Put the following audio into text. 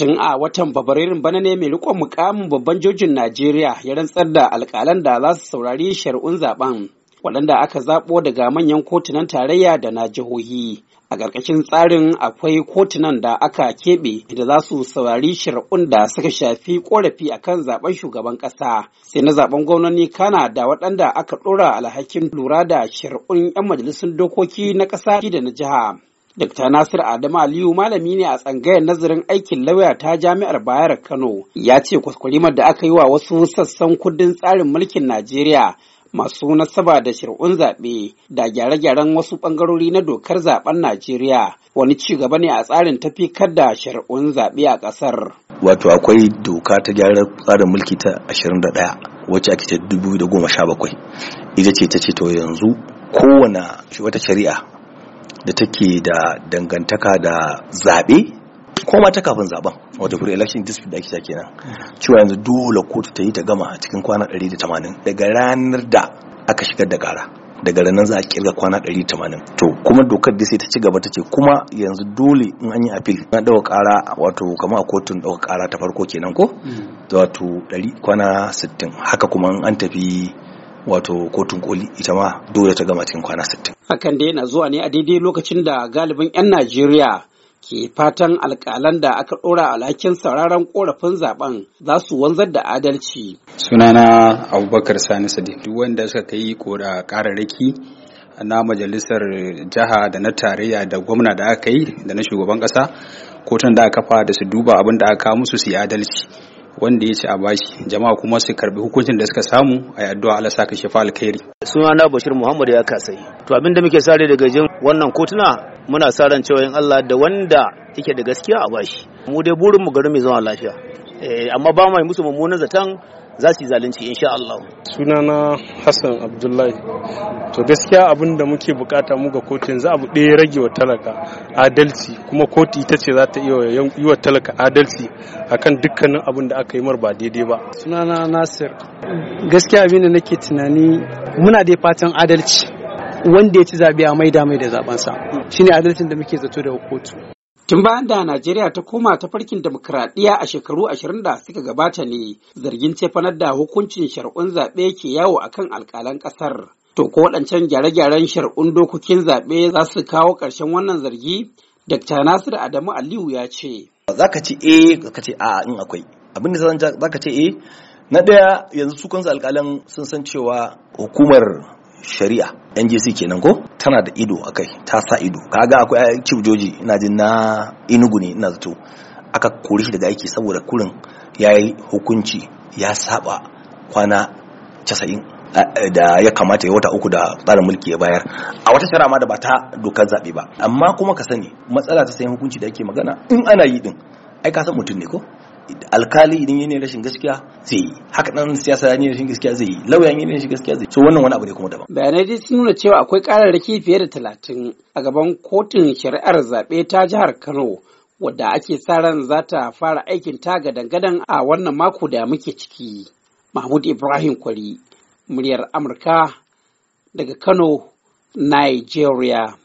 Tun a watan Fabrairun bana ne mai rikon mukamin babban jojin Najeriya ya rantsar da alƙalan da za su saurari shari'un zaben waɗanda aka zaɓo daga manyan kotunan tarayya da na jihohi. A ƙarƙashin tsarin akwai kotunan da aka keɓe da za su saurari shari'un da suka shafi ƙorafi kan zaben shugaban ƙasa sai na zaben gwamnoni kana da waɗanda aka ɗora alhakin lura da shari'un 'yan majalisun dokoki na ƙasa da na jiha. Dr. Nasir Adamu Aliyu malami ne a tsangayar nazarin aikin lauya ta Jami'ar Bayar Kano ya ce kwaskwarimar da aka yi wa wasu sassan kudin tsarin mulkin Najeriya masu nasaba da shir'un zaɓe da gyare-gyaren wasu ɓangarori na dokar zaɓen Najeriya wani ci gaba ne a tsarin tafi da shir'un zaɓe a ƙasar. Wato akwai doka ta gyaran tsarin mulki ta 21 wacce ake ce 2017 ita ce ta ce to yanzu kowane wata shari'a da take da dangantaka da zaɓe ko ta kafin zaben wato pre election dispute da ake kenan cewa yanzu dole kotu ta yi ta gama a cikin kwana 180 daga ranar da aka shigar da kara daga ranar za a kirga kwana 180 to kuma dokar da sai ta ci gaba ta ce kuma yanzu dole in an yi appeal na dauka kara wato kama a kotun dauka kara ta farko kenan ko mm. wato 100 kwana 60 haka kuma an tafi wato kotun koli ita ma dole ta gama cikin kwana 60 hakan da yana zuwa ne a daidai lokacin da galibin 'yan najeriya ke fatan alkalan da aka ɗora alhakin sauraron korafin zaben za su wanzar da adalci sunana abubakar sani sadi duk wanda suka kai kora kararraki na majalisar jiha da na tarayya da gwamna da aka yi da na shugaban kasa kotun da aka kafa da su duba abin da aka musu su yi adalci wanda ya ce a bashi jama'a kuma su karbi hukuncin da suka samu a addu'a Allah saka shi fa alkhairi sunana Bashir Muhammad ya kasai to abin da muke sare daga jin wannan kotuna muna sa ran cewa in Allah da wanda yake da gaskiya a bashi mu dai burin mu garin mai zama lafiya eh, amma ba mai musu mummunan zaton za su yi zalunci insha Allah Suna na Hassan Abdullahi to gaskiya abinda muke bukata mu kotun za a abu ɗaya rage wa talaka adalci kuma kotu ita ce za ta yi wa talaka adalci akan dukkanin abinda da aka yi mar ba daidai ba Suna na Nasir gaskiya abin da nake tunani muna da fatan adalci wanda ya ci zabi a maida mai da zabansa shine adalcin da muke zato da kotu Tun bayan da Najeriya ta koma ta farkin demokuraɗiyya a shekaru ashirin da suka gabata ne zargin cefanar da hukuncin shari'un zaɓe ke yawo akan alƙalan ƙasar. To ko waɗancan gyare-gyaren shari'un dokokin zaɓe za su kawo ƙarshen wannan zargi? Dr. Nasiru Adamu Aliyu ya ce. Za ka ce eh, za ka ce a in akwai. Abin da za ka ce eh, na ɗaya yanzu su kansu alƙalan sun san cewa hukumar shari'a NGC kenan ko tana da ido a kai ta sa ido kaga akwai chief joji ina jin na inugu ne ina zato aka kori shi daga aiki saboda kurin ya yi hukunci ya saba kwana casa'in eh, da ya kamata ya wata uku da tsarin mulki ya bayar a wata shara ma da ba ta dokar zaɓe ba amma kuma ka sani matsala ta sayan hukunci da ake magana in ana yi din ai ka san mutum ne ko alkali idan yana rashin gaskiya zai yi haka dan siyasa yana rashin gaskiya zai yi lauya yana rashin gaskiya zai yi so wannan wani abu ne kuma daban bayanai dai sun nuna cewa akwai kararraki fiye da talatin a gaban kotun shari'ar zaɓe ta jihar Kano wadda ake sa ran za ta fara aikin ta gadan-gadan a wannan mako da muke ciki Mahmud Ibrahim Kwari muryar Amurka daga Kano Nigeria